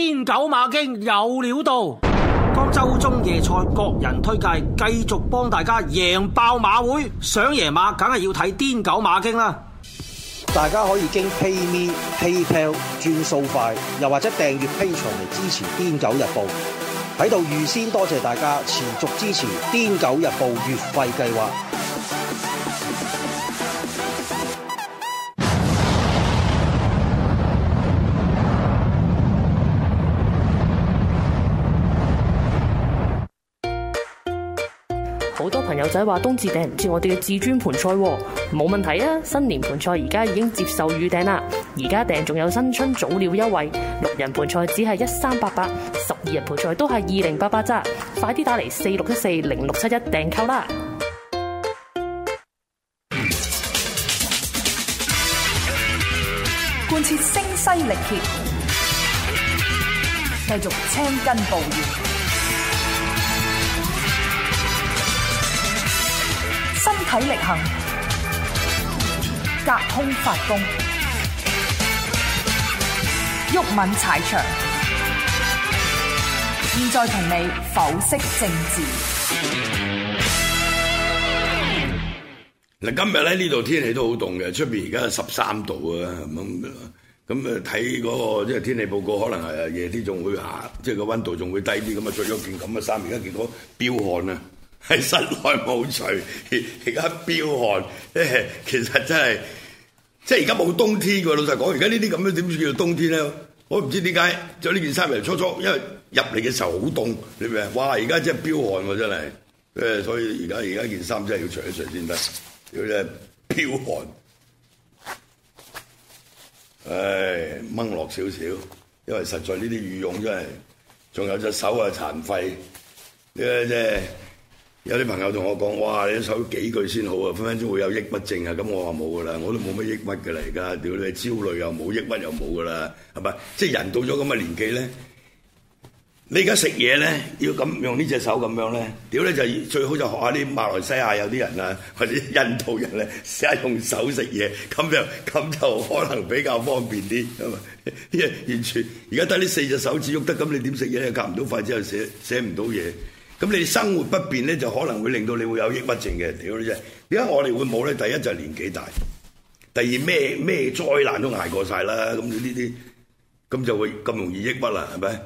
癲狗馬經有料到，今週中夜賽各人推介，繼續幫大家贏爆馬會。想贏馬梗係要睇癲狗馬經啦！大家可以經 PayMe、PayPal、轉數快，又或者訂閱 Patreon 嚟支持癲狗日報。喺度預先多謝大家持續支持癲狗日報月費計劃。好多朋友仔話冬至訂唔切我哋嘅至尊盤菜，冇問題啊！新年盤菜而家已經接受預訂啦，而家訂仲有新春早鳥優惠，六人盤菜只係一三八八，十二人盤菜都係二零八八咋，快啲打嚟四六一四零六七一訂購啦！貫徹聲嘶力竭，繼續青筋暴現。體力行，隔空發功，毓民踩場。現在同你剖析政治。嗱，今日咧呢度天氣都好凍嘅，出邊而家係十三度啊，咁，咁誒睇嗰個即係天氣報告，可能係夜啲仲會下，即係個溫度仲會低啲。咁啊，着咗件咁嘅衫，而家見到飆汗啊！係室內冇除而家飆汗，其實真係即係而家冇冬天嘅。老實講，而家呢啲咁樣點算叫冬天咧？我唔知點解着呢件衫嚟，初初，因為入嚟嘅時候好凍，你明？哇！而家真係飆汗喎，真係，誒，所以而家而家件衫真係要除一除先得，要真係飆汗。唉，掹落少少，因為實在呢啲羽絨真係，仲有隻手呀殘廢，呢啲啫。有啲朋友同我講，哇！你手幾句先好啊？分分鐘會有抑鬱症啊！咁我話冇噶啦，我都冇乜抑鬱嘅嚟噶啦。而家屌你，焦慮又冇，抑鬱又冇噶啦。係咪？即係人到咗咁嘅年紀咧，你而家食嘢咧，要咁用呢隻手咁樣咧，屌咧就最好就學下啲馬來西亞有啲人啊，或者印度人咧，試下用手食嘢，咁就咁就可能比較方便啲。因為完全而家得呢四隻手指喐得，咁你點食嘢咧？夾唔到筷子，又寫寫唔到嘢。咁你生活不便咧，就可能會令到你會有抑鬱症嘅。屌你啫！點解我哋會冇咧？第一就係年紀大，第二咩咩災難都捱過晒啦。咁呢啲咁就會咁容易抑鬱啦，係咪？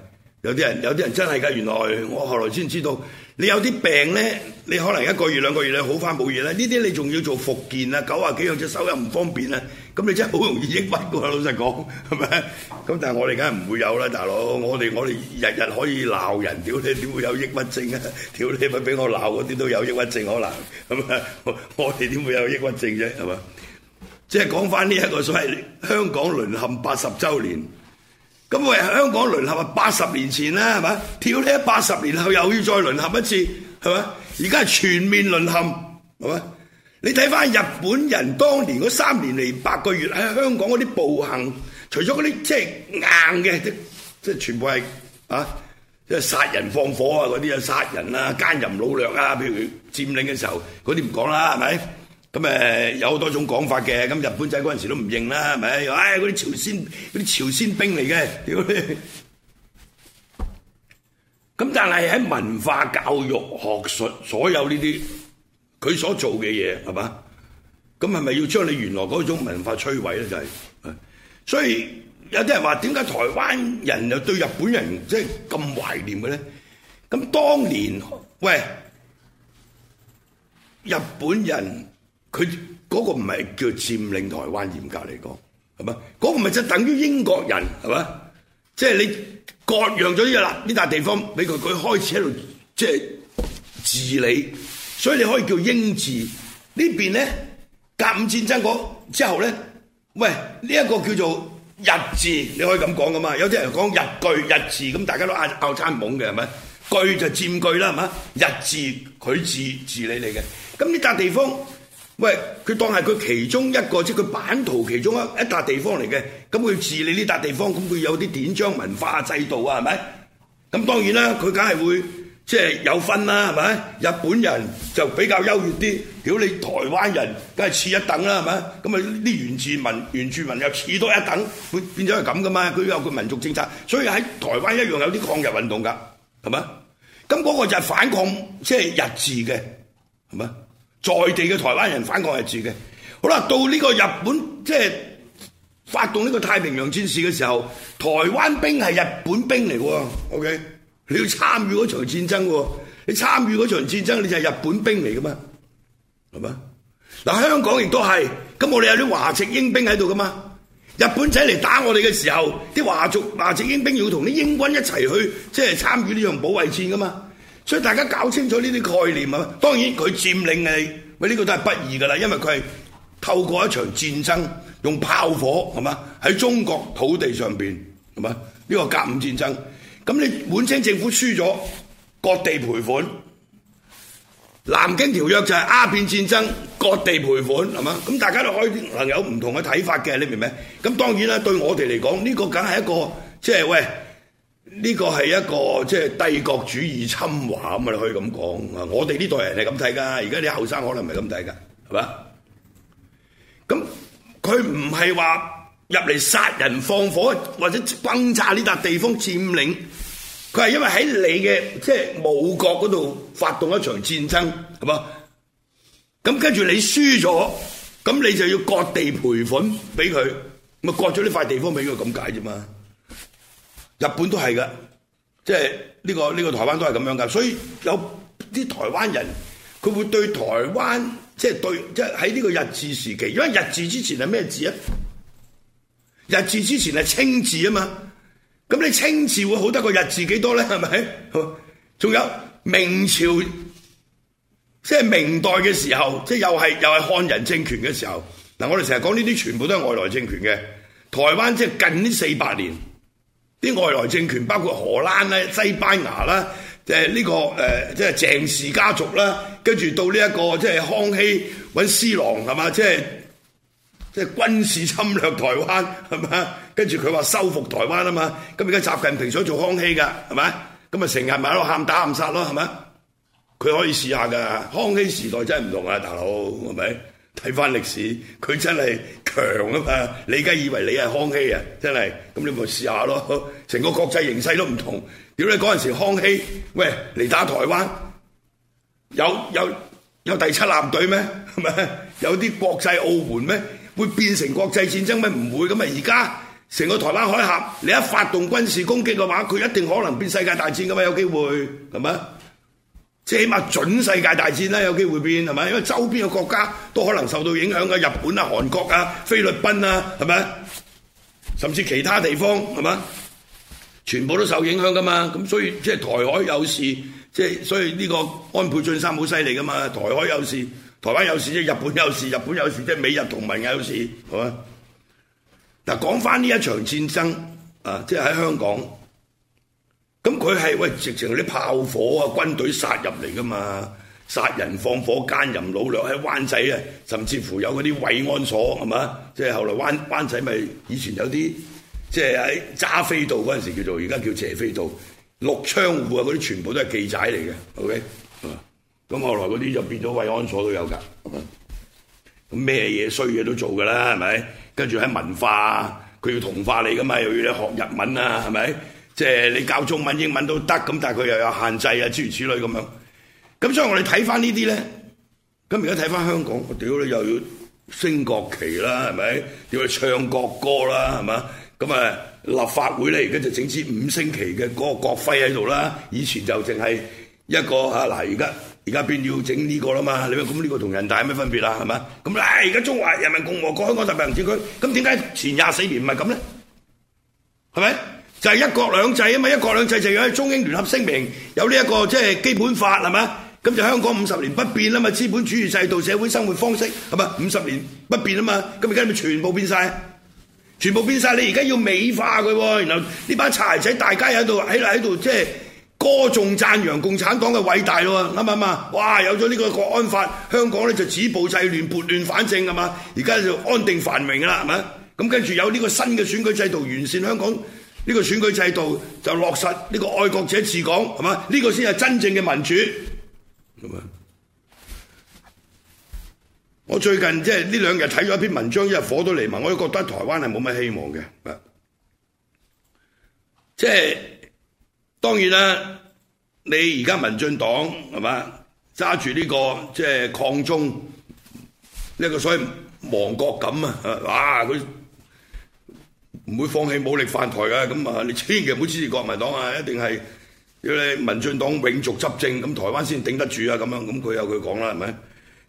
有啲人有啲人真係㗎，原來我後來先知道，你有啲病呢，你可能一個月兩個月你好翻冇嘢啦，呢啲你仲要做復健啊，九啊幾兩隻手又唔方便啊，咁你真係好容易抑鬱噶，老實講，係咪？咁但係我哋梗係唔會有啦，大佬，我哋我哋日日可以鬧人，屌你，點會有抑鬱症啊？屌你咪俾我鬧嗰啲都有抑鬱症可能，係咪？我哋點會有抑鬱症啫？係嘛，即係講翻呢一個所謂香港淪陷八十週年。咁我哋香港淪陷啊，八十年前啦，係咪？跳呢一八十年後又要再淪陷一次，係咪？而家係全面淪陷，係咪？你睇返日本人當年嗰三年零八個月喺香港嗰啲暴行，除咗嗰啲即係硬嘅，即係全部係啊，即係殺人放火啊嗰啲啊，殺人啊，奸淫擄掠啊，譬如佔領嘅時候嗰啲唔講啦，係咪？咁誒有好多種講法嘅，咁日本仔嗰陣時都唔認啦，係咪？又唉，嗰啲朝鮮嗰啲朝鮮兵嚟嘅，屌你！咁但係喺文化教育學術所有呢啲，佢所做嘅嘢係嘛？咁係咪要將你原來嗰種文化摧毀咧？就係，所以有啲人話點解台灣人又對日本人即係咁懷念嘅咧？咁當年喂日本人。佢嗰個唔係叫佔領台灣，嚴格嚟講，係咪？嗰個咪就等於英國人，係咪？即係你割讓咗呢個啦，呢笪地方俾佢，佢開始喺度即係治理，所以你可以叫英治。呢邊咧，甲午戰爭嗰之後咧，喂，呢一個叫做日治，你可以咁講㗎嘛？有啲人講日據日治，咁大家都嗌拗餐懵嘅，係咪？據就佔據啦，係咪？日治佢治治理你嘅，咁呢笪地方。喂，佢當係佢其中一個，即係佢版圖其中一一笪地方嚟嘅。咁佢治理呢笪地方，咁佢有啲典章文化制度啊，係咪？咁當然啦，佢梗係會即係有分啦，係咪？日本人就比較優越啲，屌你台灣人梗係次一等啦，係咪？咁啊，啲原住民原住民又次多一等，佢變咗係咁噶嘛，佢有個民族政策，所以喺台灣一樣有啲抗日運動㗎，係咪？咁嗰個就係反抗即係日治嘅，係咪？在地嘅台灣人反抗日嘅，好啦，到呢個日本即係、就是、發動呢個太平洋戰事嘅時候，台灣兵係日本兵嚟嘅，OK，你要參與嗰場戰爭喎，你參與嗰場戰爭你就係日本兵嚟嘅嘛，係咪啊？嗱，香港亦都係，咁我哋有啲華籍英兵喺度嘅嘛，日本仔嚟打我哋嘅時候，啲華族華籍英兵要同啲英軍一齊去即係、就是、參與呢樣保衛戰嘅嘛。所以大家搞清楚呢啲概念啊，當然佢佔領你，喂、這、呢個都係不易㗎喇！因為佢係透過一場戰爭，用炮火係嘛喺中國土地上面，係嘛呢個甲午戰爭，咁你本清政府輸咗，割地賠款，南京條約就係鴉片戰爭，割地賠款係嘛，咁大家都可以能有唔同嘅睇法嘅，你明咩？咁當然啦，對我哋嚟講，呢、這個梗係一個即係、就是、喂。呢、這個係一個即係、就是、帝國主義侵華咁啊！你可以咁講啊！我哋呢代人係咁睇噶，而家你後生可能唔係咁睇噶，係嘛？咁佢唔係話入嚟殺人放火，或者轟炸呢笪地方佔領，佢係因為喺你嘅即係母國嗰度發動一場戰爭，係嘛？咁跟住你輸咗，咁你就要割地賠款俾佢，咪割咗呢塊地方俾佢咁解啫嘛？日本都係㗎，即係呢個呢個台灣都係咁樣㗎，所以有啲台灣人佢會對台灣即係、即係、對即係喺呢個日治時期，因為日治之前係咩治啊？日治之前係清治啊嘛，咁你清治會好得過日治幾多咧？係咪？仲有明朝即係、即係、明代嘅時候，即、就、係、是、又係又係漢人政權嘅時候。嗱，我哋成日講呢啲全部都係外來政權嘅，台灣即係近呢四百年。啲外來政權包括荷蘭咧、西班牙啦，誒、就、呢、是這個即係、呃就是、鄭氏家族啦，跟住到呢、這、一個即係、就是、康熙搵施琅，係嘛，即係即係軍事侵略台灣係嘛，跟住佢話收復台灣啊嘛，咁而家習近平想做康熙㗎係咪？咁咪成日咪喺度喊打喊殺咯係咪？佢可以試下㗎，康熙時代真係唔同啊大佬係咪？睇翻歷史，佢真係強啊嘛！你而家以為你係康熙啊？真係，咁你咪試下咯。成個國際形勢都唔同，屌你嗰陣時康熙，喂嚟打台灣，有有有第七艦隊咩？係咪？有啲國際奧援咩？會變成國際戰爭咩？唔會咁啊！而家成個台灣海峽，你一發動軍事攻擊嘅話，佢一定可能變世界大戰噶嘛？有機會係咪？即係起碼準世界大戰啦，有機會變係咪？因為周邊嘅國家都可能受到影響㗎，日本啊、韓國啊、菲律賓啊，係咪？甚至其他地方係咪？全部都受影響㗎嘛。咁所以即係台海有事，即係所以呢個安倍晉三好犀利㗎嘛。台海有事，台灣有事，即係日本有事，日本有事，即係美日同盟有事係咪？嗱，講翻呢一場戰爭啊，即係喺香港。咁佢係喂，直情啲炮火啊，軍隊殺入嚟噶嘛，殺人放火奸淫擄掠，喺灣仔啊，甚至乎有嗰啲慰安所係嘛，即係、就是、後來灣，灣仔咪以前有啲，即係喺渣飛道嗰陣時叫做，而家叫斜飛道，六窗戶啊嗰啲全部都係妓仔嚟嘅，OK，咁後來嗰啲就變咗慰安所都有㗎，咁咩嘢衰嘢都做㗎啦，係咪？跟住喺文化，佢要同化你㗎嘛，又要你學日文啊，係咪？即係你教中文、英文都得咁，但係佢又有限制啊，諸如此類咁樣。咁所以我哋睇翻呢啲咧，咁而家睇翻香港，我屌你又要升國旗啦，係咪？又要唱國歌啦，係嘛？咁啊，立法會咧而家就整支五星旗嘅嗰個國徽喺度啦。以前就淨係一個嗱，而家而家變要整呢個啦嘛。你話咁呢個同人大有咩分別啦，係嘛？咁唉，而家中華人民共和國香港特別行政區，咁點解前廿四年唔係咁咧？係咪？就係一國兩制啊嘛！一國兩制就有喺中英聯合聲明有呢一個即係基本法係嘛？咁就香港五十年不變啊嘛！資本主義制度、社會生活方式係嘛？五十年不變啊嘛！咁而家係咪全部變晒，全部變晒！你而家要美化佢喎，然後呢班柴仔大家喺度喺度喺度即係歌頌讚揚共產黨嘅偉大囉，啱唔啱？哇！有咗呢個國安法，香港咧就止暴制亂、撥亂反正係嘛？而家就安定繁榮㗎啦，係嘛？咁跟住有呢個新嘅選舉制度，完善香港。呢、這個選舉制度就落實呢個愛國者治港，是這個，呢個先係真正嘅民主。我最近、就是、這兩呢兩日睇咗一篇文章，一日火都嚟埋，我都覺得台灣係冇乜希望嘅、就是。當即係當然啦，你而家民進黨揸住呢個、就是、抗中呢、這個所謂亡國感啊！哇唔會放棄武力犯台嘅，咁啊你千祈唔好支持國民黨啊，一定係要你民進黨永續執政，咁台灣先頂得住啊，咁樣咁佢有佢講啦，係咪？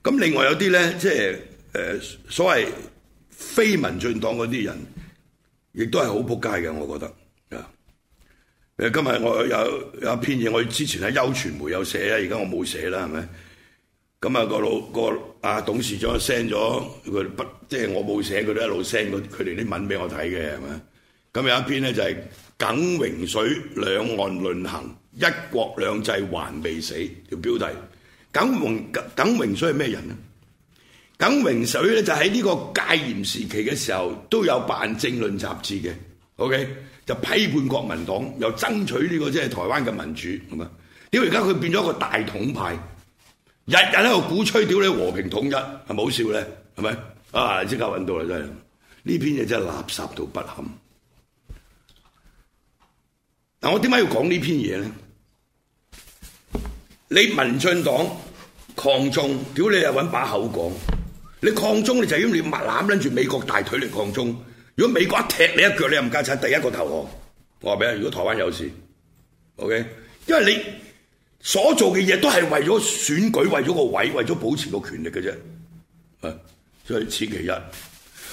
咁另外有啲咧，即係誒、呃、所謂非民進黨嗰啲人，亦都係好仆街嘅，我覺得啊。誒今日我有有一篇嘢，我之前喺優傳媒有寫，而家我冇寫啦，係咪？咁啊，個老、個啊董事長 send 咗佢不，即係我冇寫，佢都一路 send 佢哋啲文俾我睇嘅，係咪？咁有一篇咧就係、是、耿榮水兩岸論衡，一國兩制還未死條標題。耿榮耿榮水係咩人咧？耿榮水咧就喺呢個戒嚴時期嘅時候都有辦政論雜誌嘅，OK 就批判國民黨，又爭取呢、這個即係、就是、台灣嘅民主，咁咪？點解而家佢變咗一個大統派？日日喺度鼓吹屌你和平統一，係咪好笑咧，係咪？啊，即刻揾到啦真係，呢篇嘢真係垃圾到不堪。但我點解要講呢篇嘢咧？你民進黨抗中，屌你又揾把口講，你抗中你就要你墨攬拎住美國大腿嚟抗中。如果美國一踢你一腳，你冚家鏟，第一個投降。我話俾你，如果台灣有事，OK，因為你。所做嘅嘢都係為咗選舉，為咗個位，為咗保持個權力嘅啫。啊，就係此其一。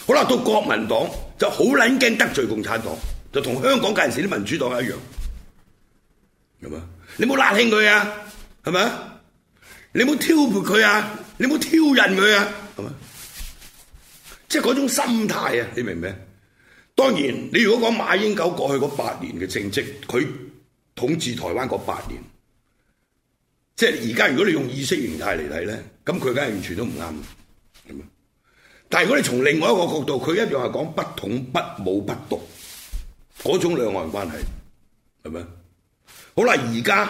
好啦，到國民黨就好捻驚得罪共產黨，就同香港嗰陣時啲民主黨一樣。係嘛？你唔好拉佢啊，係咪？你唔好挑撥佢啊，你唔好挑引佢啊，係咪？即係嗰種心態啊，你明唔明？當然，你如果講馬英九過去嗰八年嘅政績，佢統治台灣嗰八年。即係而家如果你用意識形態嚟睇咧，咁佢梗係完全都唔啱。咁，但係如果你從另外一個角度，佢一樣係講不統不武不獨，嗰種兩岸關係，係咪啊？好啦，而家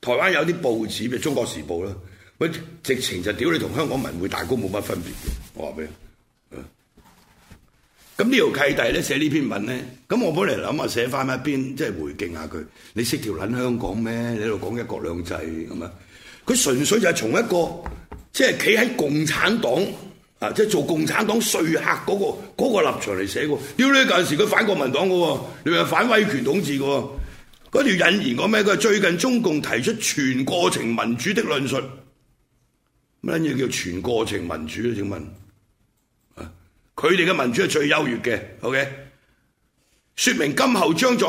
台灣有啲報紙譬如《中國時報》啦，喂，直情就屌你同香港文匯大哥冇乜分別嘅，我話俾你。咁呢條契弟咧寫呢篇文咧，咁我本嚟諗下，寫翻一篇，即係回敬下佢。你識條撚香港咩？你喺度講一國兩制咁樣。佢純粹就係從一個即係企喺共產黨啊，即係做共產黨瑞客嗰個嗰個立場嚟寫嘅。屌你，舊時佢反國民黨嘅喎，你咪反威權統治嘅喎。嗰條引言講咩？佢係最近中共提出全過程民主的論述。乜嘢叫全過程民主啊？請問？佢哋嘅民主係最優越嘅，OK。說明今後將在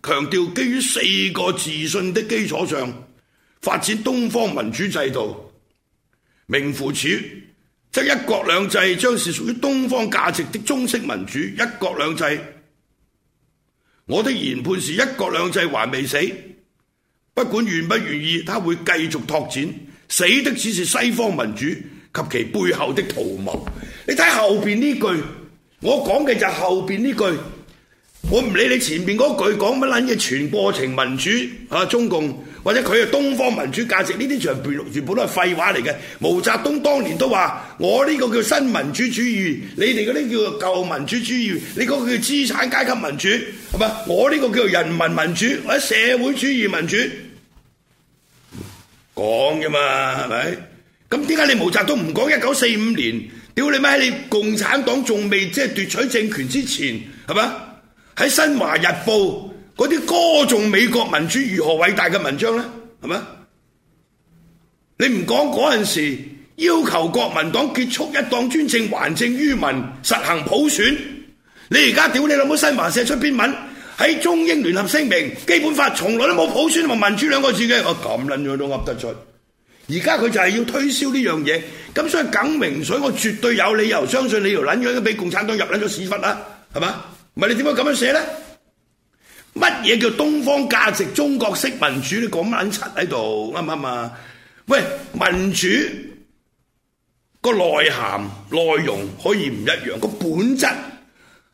強調基於四個自信的基礎上發展東方民主制度，明乎此，則一國兩制將是屬於東方價值的中式民主。一國兩制，我的研判是一國兩制還未死，不管願不願意，他會繼續拓展。死的只是西方民主及其背後的圖謀。你睇後邊呢句，我講嘅就係後邊呢句，我唔理你前面嗰句講乜捻嘅，全過程民主啊，中共或者佢嘅東方民主價值呢啲全部都係廢話嚟嘅。毛澤東當年都話我呢個叫新民主主義，你哋嗰啲叫做舊民主主義，你嗰個叫資產階級民主，係咪？我呢個叫做人民民主或者社會主義民主，講啫嘛，係咪？咁點解你毛澤東唔講一九四五年？屌你咪喺你共產黨仲未即係奪取政權之前，係咪？喺《新華日報》嗰啲歌頌美國民主如何偉大嘅文章呢，係咪？你唔講嗰陣時要求國民黨結束一黨專政、還政於民、實行普選，你而家屌你老母！新華社出篇文喺中英聯合聲明、基本法，從來都冇普選同民主兩個字嘅。我咁撚樣都噏得出。而家佢就係要推銷呢樣嘢，咁所以耿明水，我絕對有理由相信你條撚樣都俾共產黨入撚咗屎忽啦，係嘛？唔係你點解咁樣寫咧？乜嘢叫東方價值中國式民主？你講撚柒喺度啱唔啱啊？喂，民主個內涵內容可以唔一樣，個本質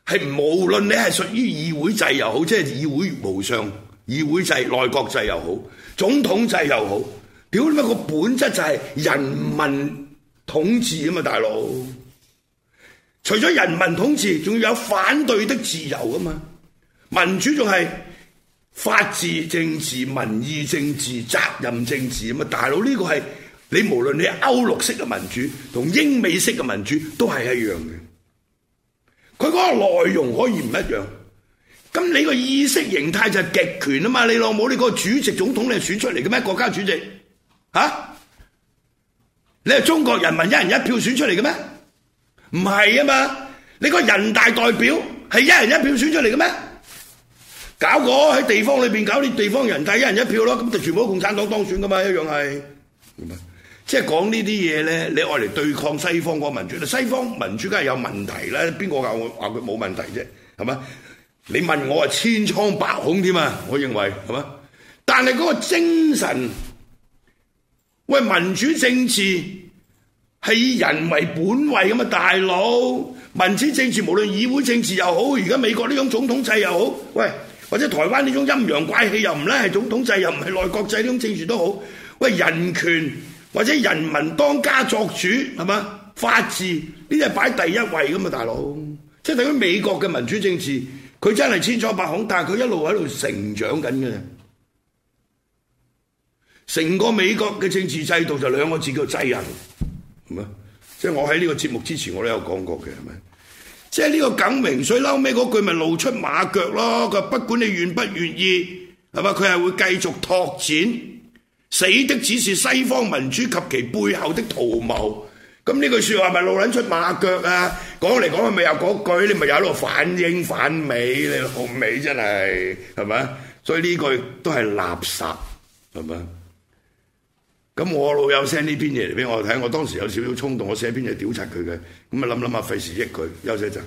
係無論你係屬於議會制又好，即係議會無上、議會制內閣制又好、總統制又好。屌你媽！個本質就係人民統治啊嘛，大佬。除咗人民統治，仲要有反對的自由啊嘛。民主仲係法治政治、民意政治、責任政治啊嘛，大佬。呢個係你無論你歐陸式嘅民主同英美式嘅民主都係一樣嘅。佢嗰個內容可以唔一樣，咁你個意識形態就係極權啊嘛，你老母！你個主席總統你係選出嚟嘅咩？國家主席？吓！你係中國人民一人一票選出嚟嘅咩？唔係啊嘛！你個人大代表係一人一票選出嚟嘅咩？搞個喺地方裏邊搞啲地方人大一人一票咯，咁就全部共產黨當選噶嘛？一樣係。即係講呢啲嘢咧，你愛嚟對抗西方個民主，西方民主梗係有問題啦。邊個教我話佢冇問題啫？係嘛？你問我啊，千瘡百孔添嘛！我認為係嘛？但係嗰個精神。喂，民主政治係以人為本位的嘛，大佬！民主政治無論議會政治又好，而家美國呢種總統制又好，喂，或者台灣呢種陰陽怪氣又唔係總統制又唔係內閣制呢種政治都好。喂，人權或者人民當家作主是吧，法治呢啲係擺第一位的嘛，大佬！即係等於美國嘅民主政治，佢真係千瘡百孔，但係佢一路喺度成長緊的成個美國嘅政治制度就兩個字叫制人，係咪？即係我喺呢個節目之前我，我都有講過嘅，係咪？即係呢個耿明水嬲尾嗰句，咪露出馬腳咯。佢不管你願不願意，係嘛？佢係會繼續拓展。死的只是西方民主及其背後的圖謀。咁呢句説話咪露撚出馬腳啊？講嚟講去咪又嗰句，你咪又喺度反應反美，你好美真係係咪？所以呢句都係垃圾，係嘛？咁我老友 send 呢篇嘢嚟俾我睇，我當時有少少衝動，我寫篇嘢屌柒佢嘅，咁啊諗諗啊，費事益佢，休息一陣。